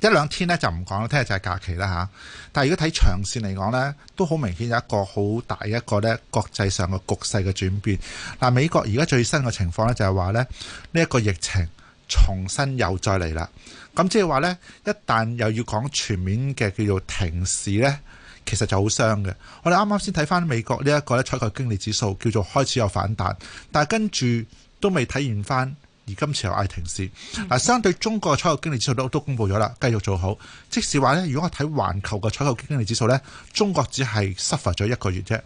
一兩天咧就唔講啦，聽日就係假期啦嚇、啊。但係如果睇長線嚟講呢，都好明顯有一個好大一個呢國際上嘅局勢嘅轉變。嗱、啊，美國而家最新嘅情況呢，就係話呢，呢一個疫情重新又再嚟啦。咁即係話呢，一旦又要講全面嘅叫做停市呢，其實就好傷嘅。我哋啱啱先睇翻美國呢一個呢，採購經理指數叫做開始有反彈，但係跟住都未體現翻。而今次又嗌停市，嗱，相對中國嘅採購經理指數都都公布咗啦，繼續做好。即使話咧，如果我睇環球嘅採購經理指數咧，中國只係 suffer 咗一個月啫，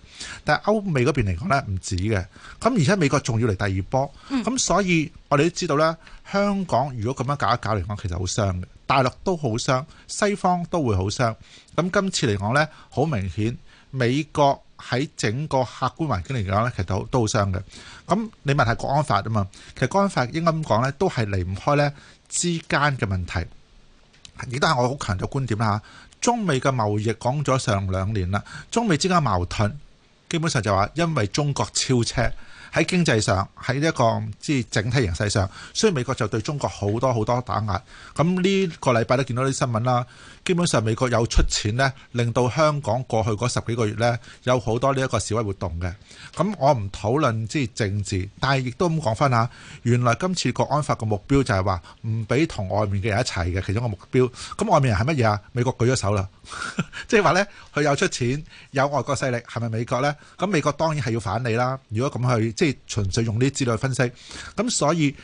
但係歐美嗰邊嚟講咧，唔止嘅。咁而且美國仲要嚟第二波，咁、嗯、所以我哋都知道咧，香港如果咁樣搞一搞嚟講，其實好傷嘅，大陸都好傷，西方都會好傷。咁今次嚟講咧，好明顯美國。喺整個客觀環境嚟講咧，其實都好傷嘅。咁你問下國安法啊嘛？其實國安法應該咁講咧，都係離唔開咧之間嘅問題。亦都係我好強嘅觀點啦嚇。中美嘅貿易講咗上兩年啦，中美之間矛盾基本上就話因為中國超車。喺經濟上，喺一個即係整體形勢上，所以美國就對中國好多好多打壓。咁呢個禮拜都見到啲新聞啦，基本上美國有出錢呢，令到香港過去嗰十幾個月呢有好多呢一個示威活動嘅。咁我唔討論即係政治，但係亦都咁講翻吓，原來今次國安法嘅目標就係話唔俾同外面嘅人一齊嘅其中一個目標。咁外面人係乜嘢啊？美國舉咗手啦，即係話呢佢有出錢有外國勢力，係咪美國呢？咁美國當然係要反你啦。如果咁去。即係純粹用呢啲資料去分析，咁所以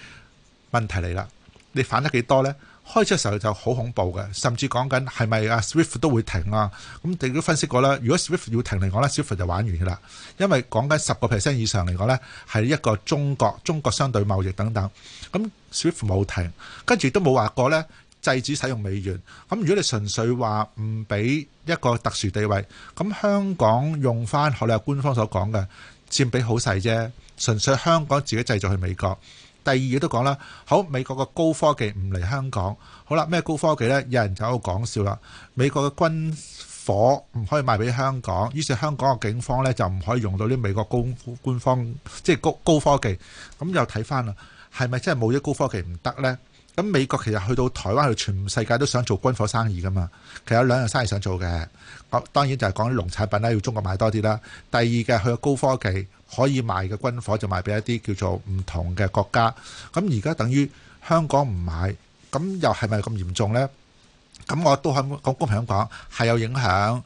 問題嚟啦，你反得幾多咧？開始嘅時候就好恐怖嘅，甚至講緊係咪啊 Swift 都會停啊？咁哋都分析過啦，如果 Swift 要停嚟講咧，Swift 就玩完噶啦。因為講緊十個 percent 以上嚟講咧，係一個中國中國相對貿易等等。咁 Swift 冇停，跟住都冇話過咧制止使用美元。咁如果你純粹話唔俾一個特殊地位，咁香港用翻，好似官方所講嘅佔比好細啫。純粹香港自己製造去美國。第二嘢都講啦，好美國嘅高科技唔嚟香港，好啦，咩高科技呢？有人就喺度講笑啦。美國嘅軍火唔可以賣俾香港，於是香港嘅警方呢就唔可以用到啲美國高官方，即係高高科技。咁、嗯、又睇返啦，係咪真係冇咗高科技唔得呢？咁、嗯、美國其實去到台灣去全世界都想做軍火生意噶嘛。其實有兩樣生意想做嘅，當然就係講啲農產品咧要中國買多啲啦。第二嘅去高科技。可以賣嘅軍火就賣俾一啲叫做唔同嘅國家，咁而家等於香港唔買，咁又係咪咁嚴重呢？咁我都係咁公平講，係有影響，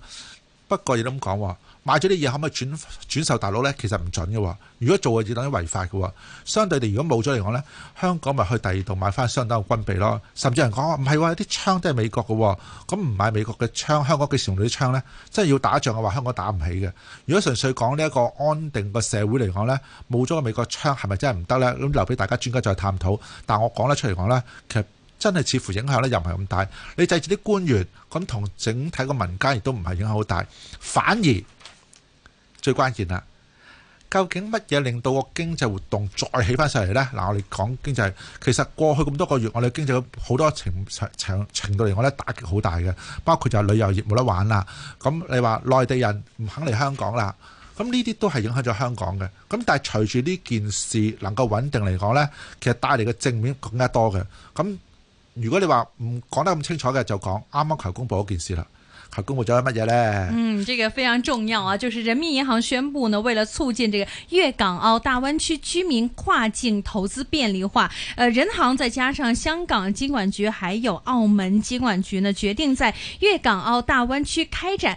不過亦都咁講喎。買咗啲嘢可唔可以轉轉售大陸呢？其實唔準嘅。如果做嘅嘢等於違法嘅。相對地，如果冇咗嚟講呢，香港咪去第二度買翻相當嘅軍備咯。甚至有人講話唔係喎，啲槍都係美國嘅。咁唔買美國嘅槍，香港幾時用到啲槍呢？真係要打仗嘅話，香港打唔起嘅。如果純粹講呢一個安定個社會嚟講呢，冇咗個美國槍係咪真係唔得呢？咁留俾大家專家再探討。但我講得出嚟講呢，其實真係似乎影響呢又唔係咁大。你制止啲官員咁同整體個民間亦都唔係影響好大，反而。最關鍵啦，究竟乜嘢令到個經濟活動再起翻上嚟呢？嗱、嗯，我哋講經濟，其實過去咁多個月，我哋經濟好多程，程，程，程度嚟，講呢打擊好大嘅，包括就係旅遊業冇得玩啦。咁、嗯、你話內地人唔肯嚟香港啦，咁呢啲都係影響咗香港嘅。咁、嗯、但係隨住呢件事能夠穩定嚟講呢，其實帶嚟嘅正面更加多嘅。咁、嗯、如果你話唔講得咁清楚嘅，就講啱啱求公佈嗰件事啦。他公布咗乜嘢咧？嗯，這個非常重要啊！就是人民銀行宣布呢，為了促進這個粵港澳大灣區居民跨境投資便利化，呃，人行再加上香港金管局還有澳門金管局呢，決定在粵港澳大灣區開展。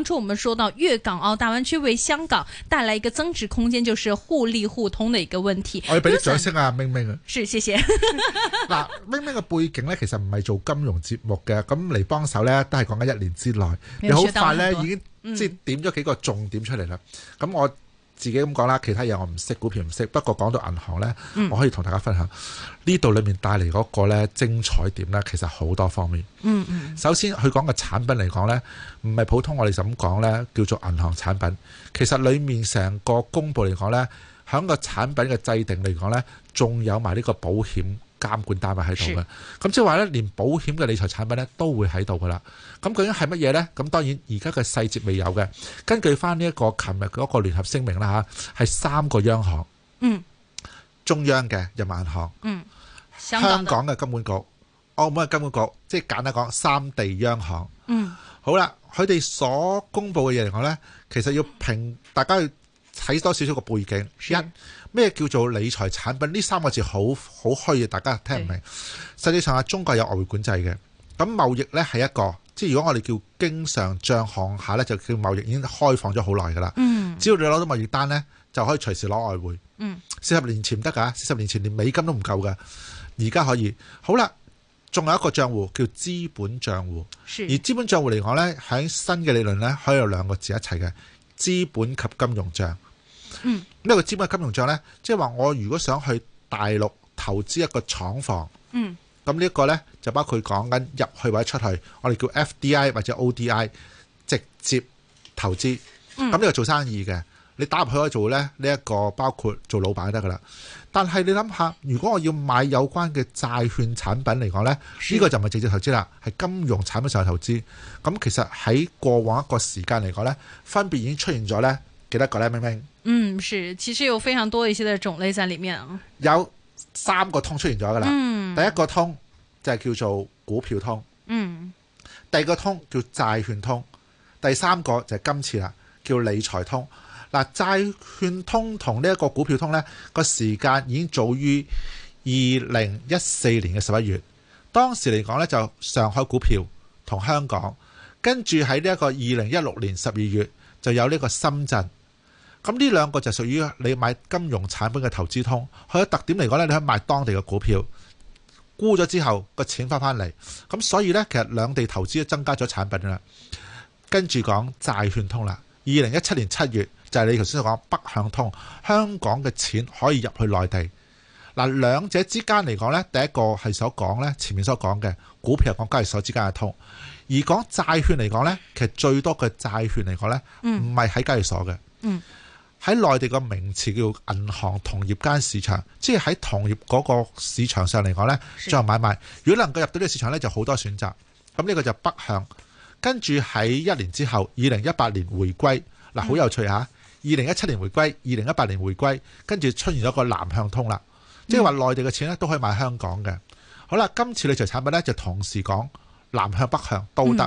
當初我們說到粵港澳大灣區為香港帶來一個增值空間，就是互利互通的一個問題。我要俾啲掌聲啊，Wilson，明明啊，是，謝謝。嗱 明明嘅背景咧，其實唔係做金融節目嘅，咁嚟幫手咧，都係講緊一年之內，你好快咧，已經即係點咗幾個重點出嚟啦。咁、嗯、我。自己咁講啦，其他嘢我唔識股票唔識，不過講到銀行呢，我可以同大家分享呢度裏面帶嚟嗰個呢精彩點呢，其實好多方面。嗯嗯，首先佢講嘅產品嚟講呢，唔係普通我哋咁講呢，叫做銀行產品，其實裡面成個公佈嚟講呢，喺個產品嘅制定嚟講呢，仲有埋呢個保險。監管單位喺度嘅，咁即係話咧，連保險嘅理財產品咧都會喺度噶啦。咁究竟係乜嘢咧？咁當然而家嘅細節未有嘅。根據翻呢一個琴日嗰個聯合聲明啦吓，係三個央行，嗯，中央嘅人民銀行，嗯，香港嘅金管局，澳門嘅金管局，即係簡單講三地央行，嗯，好啦，佢哋所公布嘅嘢嚟講咧，其實要評，嗯，大家要睇多少少個背景一。咩叫做理財產品？呢三個字好好虛嘅，大家聽唔明。是實際上中國有外匯管制嘅。咁貿易呢係一個，即係如果我哋叫經常帳項下呢就叫貿易已經開放咗好耐噶啦。嗯、只要你攞到貿易單呢，就可以隨時攞外匯。四十、嗯、年前唔得㗎，四十年前連美金都唔夠嘅，而家可以。好啦，仲有一個帳戶叫資本帳戶。是而資本帳戶嚟講呢，喺新嘅理論呢，可以有兩個字一齊嘅資本及金融帳，嗯，呢個資本金融賬呢，即係話我如果想去大陸投資一個廠房，嗯，咁呢一個呢就包括講緊入去或者出去，我哋叫 FDI 或者 ODI 直接投資，嗯，咁呢個做生意嘅，你打入去可以做呢、這個，呢一個包括做老闆得噶啦。但係你諗下，如果我要買有關嘅債券產品嚟講呢，呢、這個就唔係直接投資啦，係金融產品上投資。咁其實喺過往一個時間嚟講呢，分別已經出現咗呢。幾多個咧？明明，嗯，是，其實有非常多一些的種類在裏面啊。有三個通出現咗噶啦。嗯，第一個通就係叫做股票通。嗯，第二個通叫債券通，第三個就係今次啦，叫理財通。嗱、啊，債券通同呢一個股票通呢，個時間已經早於二零一四年嘅十一月。當時嚟講呢，就上海股票同香港，跟住喺呢一個二零一六年十二月就有呢個深圳。咁呢兩個就屬於你買金融產品嘅投資通，佢嘅特點嚟講呢，你可以買當地嘅股票，估咗之後個錢翻翻嚟。咁所以呢，其實兩地投資都增加咗產品啦。跟住講債券通啦，二零一七年七月就係你頭先講北向通，香港嘅錢可以入去內地。嗱，兩者之間嚟講呢，第一個係所講呢，前面所講嘅股票講交易所之間嘅通，而講債券嚟講呢，其實最多嘅債券嚟講呢，唔係喺交易所嘅。嗯喺內地個名詞叫銀行同業間市場，即係喺同業嗰個市場上嚟講呢進行買賣。如果能夠入到呢個市場呢，就好多選擇。咁、這、呢個就北向。跟住喺一年之後，二零一八年回歸，嗱好有趣啊！二零一七年回歸，二零一八年回歸，跟住出現咗個南向通啦，即係話內地嘅錢都可以買香港嘅。好啦，今次理財產品呢，就同時講南向北向都得。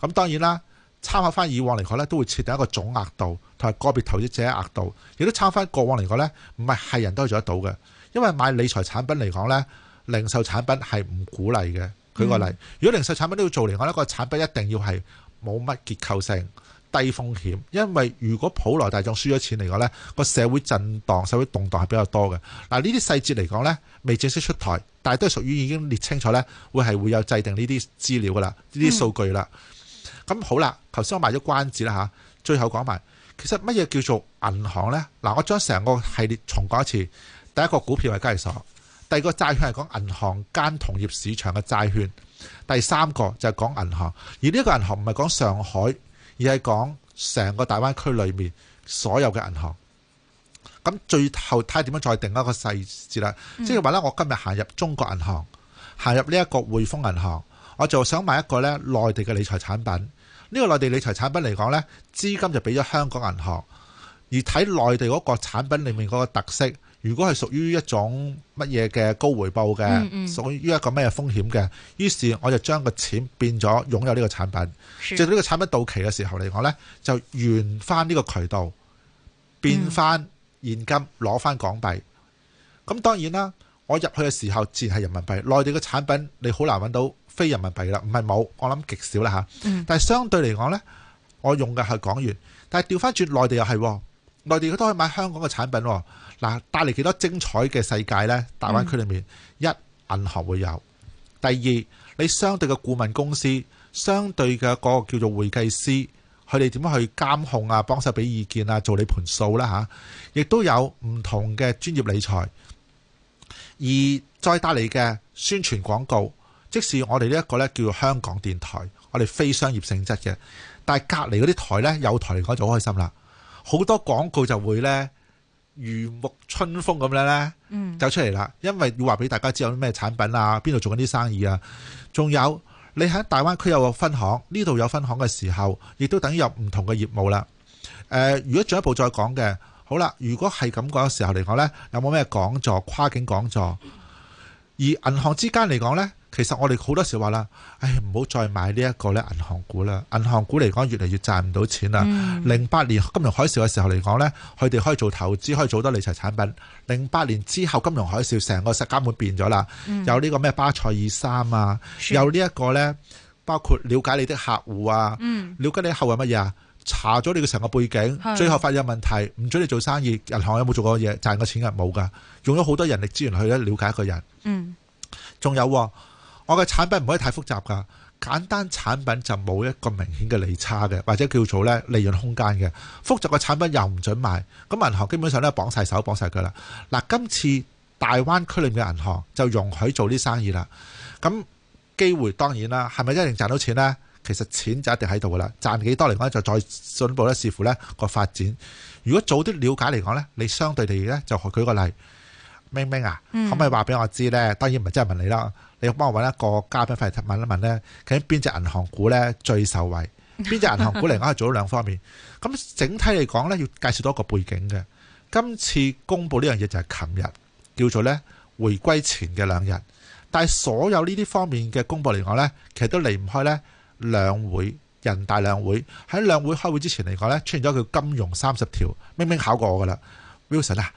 咁、嗯、當然啦。參考返以往嚟講咧，都會設定一個總額度同埋個別投資者嘅額度，亦都參考返過往嚟講咧，唔係係人都係做得到嘅。因為買理財產品嚟講咧，零售產品係唔鼓勵嘅。舉個例，如果零售產品都要做嚟講，呢個產品一定要係冇乜結構性、低風險。因為如果普羅大眾輸咗錢嚟講咧，個社會震盪、社會動盪係比較多嘅。嗱，呢啲細節嚟講咧，未正式出台，但係都係屬於已經列清楚咧，會係會有制定呢啲資料㗎啦，呢啲數據啦。咁好啦，頭先我賣咗關子啦嚇，最後講埋，其實乜嘢叫做銀行呢？嗱、啊，我將成個系列重講一次。第一個股票係交易所，第二個債券係講銀行間同業市場嘅債券，第三個就係講銀行。而呢個銀行唔係講上海，而係講成個大灣區裏面所有嘅銀行。咁最後睇下點樣再定一個細節啦，即係話呢，我今日行入中國銀行，行入呢一個匯豐銀行，我就想買一個呢內地嘅理財產品。呢個內地理財產品嚟講呢，資金就俾咗香港銀行。而睇內地嗰個產品裡面嗰個特色，如果係屬於一種乜嘢嘅高回報嘅，屬於、嗯嗯、一個咩風險嘅，於是我就將個錢變咗擁有呢個產品。是直到呢個產品到期嘅時候嚟講呢，就還翻呢個渠道，變翻現金攞翻港幣。咁、嗯、當然啦，我入去嘅時候自然係人民幣，內地嘅產品你好難揾到。非人民幣啦，唔係冇，我諗極少啦嚇。但係相對嚟講呢，我用嘅係港元。但係調翻轉內地又係，內地佢都可以買香港嘅產品。嗱，帶嚟幾多精彩嘅世界呢？大灣區裏面，嗯、一銀行會有，第二你相對嘅顧問公司，相對嘅嗰個叫做會計師，佢哋點樣去監控啊，幫手俾意見啊，做你盤數啦、啊、嚇。亦都有唔同嘅專業理財，而再帶嚟嘅宣傳廣告。即使我哋呢一個呢叫做香港電台，我哋非商業性質嘅，但係隔離嗰啲台呢，有台嚟講就好開心啦，好多廣告就會呢如沐春風咁樣呢走出嚟啦，嗯、因為要話俾大家知有啲咩產品啊，邊度做緊啲生意啊，仲有你喺大灣區有個分行，呢度有分行嘅時候，亦都等於有唔同嘅業務啦、呃。如果進一步再講嘅，好啦，如果係咁講嘅時候嚟講呢，有冇咩講座、跨境講座？而銀行之間嚟講呢，其實我哋好多時話啦，唉，唔好再買呢一個呢銀行股啦。銀行股嚟講越嚟越賺唔到錢啦。零八、嗯、年金融海嘯嘅時候嚟講呢，佢哋可以做投資，可以做多理財產品。零八年之後金融海嘯，成、嗯、個監管變咗啦，有呢個咩巴塞爾三啊，是有呢一個呢，包括了解你的客戶啊，嗯、了解你後為乜嘢啊？查咗你嘅成個背景，最後發現問題，唔准你做生意。銀行有冇做過嘢賺過錢嘅？冇噶，用咗好多人力資源去咧了解一個人。嗯，仲有，我嘅產品唔可以太複雜噶，簡單產品就冇一個明顯嘅利差嘅，或者叫做咧利潤空間嘅。複雜嘅產品又唔准賣。咁銀行基本上咧綁晒手綁晒腳啦。嗱，今次大灣區裏面嘅銀行就容許做啲生意啦。咁機會當然啦，係咪一定賺到錢呢？其實錢就一定喺度噶啦，賺幾多嚟講就再進步咧。視乎咧個發展。如果早啲了解嚟講咧，你相對地咧就舉個例，明明啊，嗯、可唔可以話俾我知咧？當然唔係真係問你啦，你要幫我搵一個嘉賓翻嚟，問一問咧，究竟邊隻銀行股咧最受惠？邊隻銀行股嚟講係做到兩方面。咁 整體嚟講咧，要介紹到一個背景嘅。今次公布呢樣嘢，就係琴日叫做咧回歸前嘅兩日，但係所有呢啲方面嘅公布嚟講咧，其實都離唔開咧。兩會人大兩會喺兩會開會之前嚟講呢出現咗叫金融三十條，明明考過我噶啦。Wilson 啊，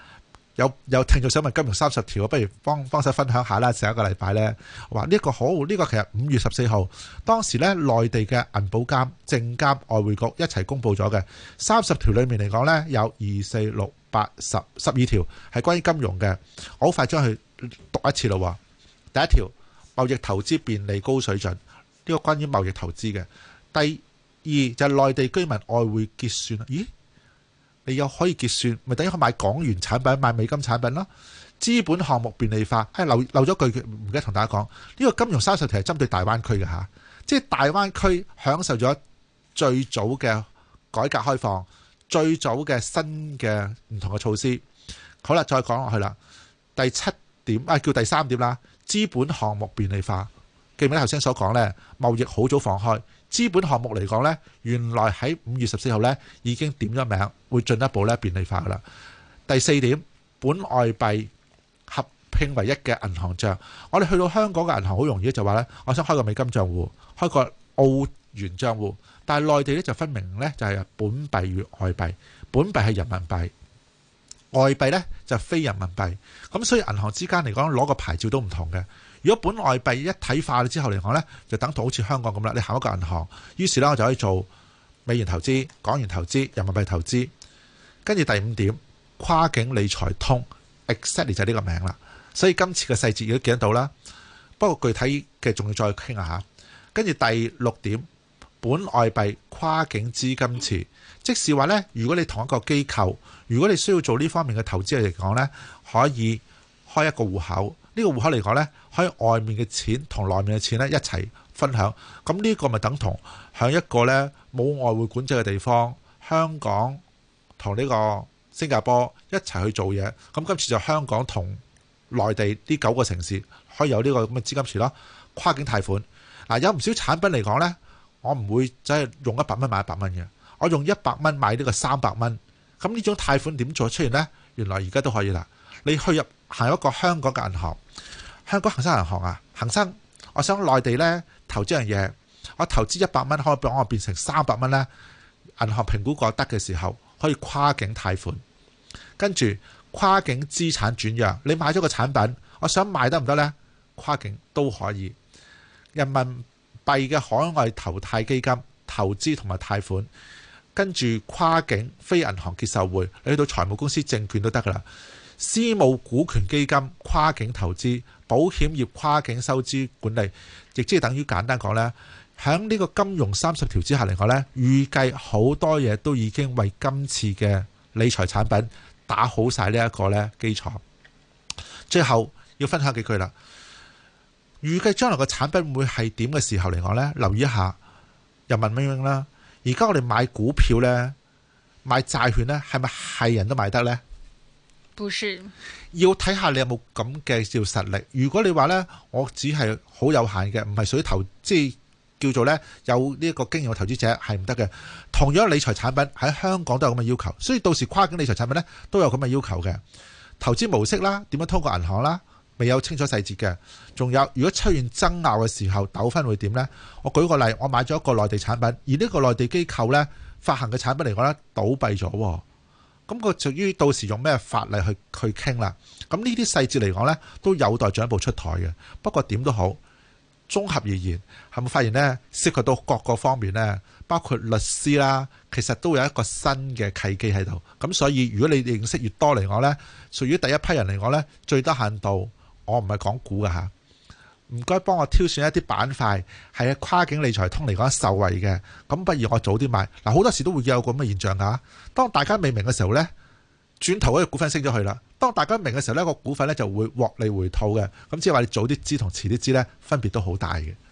有有聽眾想問金融三十條不如幫幫手分享下啦。上一個禮拜呢，話呢個好呢、呢個其實五月十四號，當時呢內地嘅銀保監、證監、外匯局一齊公布咗嘅三十條裏面嚟講呢有二四六八十十二條係關於金融嘅，我好快將去讀一次咯。第一條，貿易投資便利高水準。呢個關於貿易投資嘅，第二就係內地居民外匯結算啊！咦，你又可以結算，咪等於去買港元產品、買美金產品咯？資本項目便利化，哎，漏漏咗句，唔記得同大家講，呢、呢個金融三十條係針對大灣區嘅嚇，即係大灣區享受咗最早嘅改革開放、最早嘅新嘅唔同嘅措施。好啦，再講落去啦，第七點啊，叫第三點啦，資本項目便利化。記唔記得頭先所講呢？貿易好早放開，資本項目嚟講呢，原來喺五月十四號呢已經點咗名，會進一步呢便利化㗎喇。第四點，本外幣合併為一嘅銀行帳，我哋去到香港嘅銀行好容易就話呢，我想開個美金帳戶，開個澳元帳戶，但係內地呢，就分明呢，就係本幣與外幣，本幣係人民幣，外幣呢就非人民幣，咁所以銀行之間嚟講攞個牌照都唔同嘅。如果本外幣一體化咗之後嚟講呢，就等同好似香港咁啦。你行一個銀行，於是呢，我就可以做美元投資、港元投資、人民幣投資。跟住第五點，跨境理財通，excite 就係呢個名啦。所以今次嘅細節亦都見得到啦。不過具體嘅仲要再傾下。跟住第六點，本外幣跨境資金池，即是話呢，如果你同一個機構，如果你需要做呢方面嘅投資嚟講呢，可以開一個戶口。呢個戶口嚟講呢，可以外面嘅錢同內面嘅錢咧一齊分享。咁、這、呢個咪等同喺一個呢，冇外匯管制嘅地方，香港同呢個新加坡一齊去做嘢。咁今次就香港同內地呢九個城市可以有呢個咁嘅資金池咯。跨境貸款嗱，有唔少產品嚟講呢，我唔會真係用一百蚊買一百蚊嘅，我用一百蚊買呢個三百蚊。咁呢種貸款點做出現呢？原來而家都可以啦。你去入行一個香港嘅銀行。香港恒生銀行啊，恒生我想內地呢投資一樣嘢，我投資一百蚊可以畀我變成三百蚊呢，銀行評估過得嘅時候可以跨境貸款，跟住跨境資產轉讓，你買咗個產品，我想賣得唔得呢？跨境都可以人民幣嘅海外投貸基金投資同埋貸款，跟住跨境非銀行結售匯，你去到財務公司、證券都得㗎喇。私募股權基金跨境投資，保險業跨境收支管理，亦即係等於簡單講呢。喺呢個金融三十條之下嚟講呢，預計好多嘢都已經為今次嘅理財產品打好晒呢一個呢基礎。最後要分享幾句啦。預計將來個產品會係點嘅時候嚟講呢？留意一下。又問咩咩啦？而家我哋買股票呢，買債券呢，係咪係人都買得呢？不是，要睇下你有冇咁嘅條實力。如果你話呢，我只係好有限嘅，唔係屬於投資，即係叫做呢。有呢一個經驗嘅投資者係唔得嘅。同樣嘅理財產品喺香港都有咁嘅要求，所以到時跨境理財產品呢都有咁嘅要求嘅投資模式啦，點樣通過銀行啦，未有清楚細節嘅。仲有，如果出現爭拗嘅時候，糾紛會點呢？我舉個例，我買咗一個內地產品，而呢個內地機構呢，發行嘅產品嚟講呢倒閉咗。咁佢至於到時用咩法例去去傾啦，咁呢啲細節嚟講呢，都有待進一步出台嘅。不過點都好，綜合而言係咪發現呢，涉及到各個方面呢，包括律師啦，其實都有一個新嘅契機喺度。咁所以如果你認識越多嚟講呢，屬於第一批人嚟講呢，最得限度我唔係講股嘅嚇。唔該，幫我挑選一啲板塊係跨境理財通嚟講受惠嘅，咁不如我早啲買。嗱，好多時都會有咁嘅現象㗎。當大家未明嘅時候呢，轉頭嗰個股份升咗去啦。當大家明嘅時候呢，個股份呢就會獲利回吐嘅。咁即係話你早啲知同遲啲知呢，分別都好大嘅。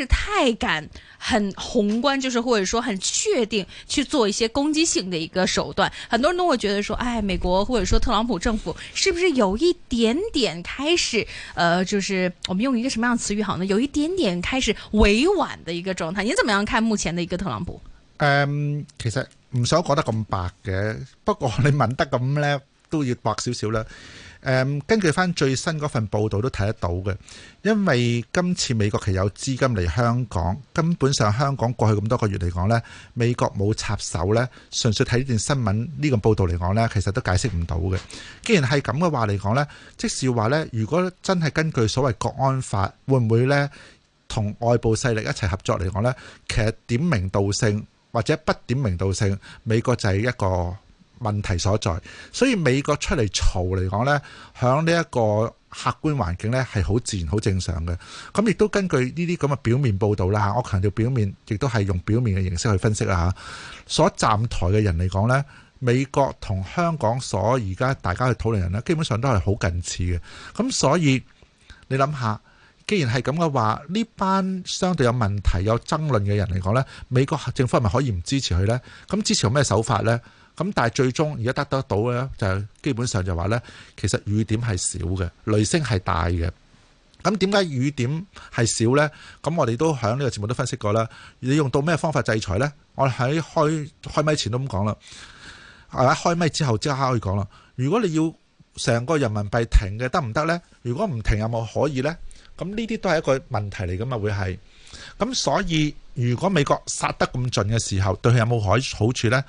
是太敢，很宏觀，就是或者說很確定去做一些攻擊性的一個手段，很多人都會覺得說，哎，美國或者說特朗普政府是不是有一點點開始，呃，就是我們用一個什麼樣的詞語好呢？有一點點開始委婉的一個狀態，你怎麼樣看目前的一個特朗普？嗯，其實唔想講得咁白嘅，不過你問得咁咧，都要白少少啦。誒根據翻最新嗰份報道都睇得到嘅，因為今次美國其實有資金嚟香港，根本上香港過去咁多個月嚟講咧，美國冇插手咧，純粹睇呢段新聞呢個報道嚟講咧，其實都解釋唔到嘅。既然係咁嘅話嚟講咧，即使話咧，如果真係根據所謂國安法，會唔會咧同外部勢力一齊合作嚟講咧？其實點名道姓或者不點名道姓，美國就係一個。問題所在，所以美國出嚟嘈嚟講呢，響呢一個客觀環境呢係好自然、好正常嘅。咁亦都根據呢啲咁嘅表面報導啦嚇，我強調表面，亦都係用表面嘅形式去分析啦嚇。所站台嘅人嚟講呢，美國同香港所而家大家去討論嘅人呢，基本上都係好近似嘅。咁所以你諗下，既然係咁嘅話，呢班相對有問題、有爭論嘅人嚟講呢，美國政府係咪可以唔支持佢呢？咁支持有咩手法呢？咁但係最終而家得得到嘅，就基本上就話呢，其實雨點係少嘅，雷聲係大嘅。咁點解雨點係少呢？咁我哋都響呢個節目都分析過啦。你用到咩方法制裁呢？我喺開開咪前都咁講啦，係咪？開咪之後即刻可以講啦。如果你要成個人民幣停嘅得唔得呢？如果唔停有冇可以呢？咁呢啲都係一個問題嚟噶嘛，會係。咁所以如果美國殺得咁盡嘅時候，對佢有冇好好處呢？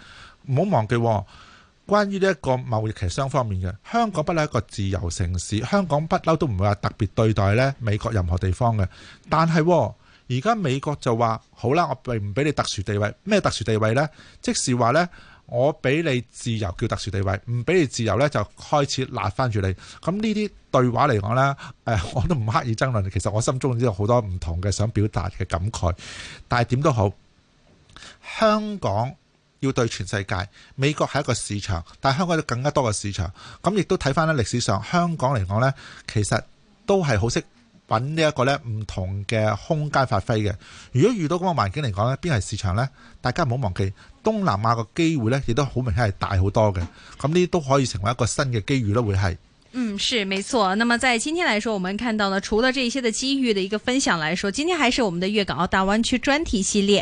唔好忘記，哦，關於呢一個貿易，其實雙方面嘅。香港不嬲係一個自由城市，香港不嬲都唔會話特別對待呢美國任何地方嘅。但係而家美國就話：好啦，我並唔俾你特殊地位，咩特殊地位呢？即是話呢，我俾你自由叫特殊地位，唔俾你自由呢，就開始辣翻住你。咁呢啲對話嚟講呢，誒，我都唔刻意爭論。其實我心中已經有好多唔同嘅想表達嘅感慨。但係點都好，香港。要對全世界，美國係一個市場，但係香港有更加多嘅市場，咁亦都睇返呢歷史上香港嚟講呢，其實都係好識揾呢一個呢唔同嘅空間發揮嘅。如果遇到咁嘅環境嚟講呢，邊係市場呢？大家唔好忘記東南亞嘅機會呢，亦都好明顯係大好多嘅，咁呢都可以成為一個新嘅機遇咯，會係。嗯，是，沒錯。那麼在今天來說，我們看到呢，除了這些嘅機遇的一個分享來說，今天還是我們的粵港澳大灣區專題系列。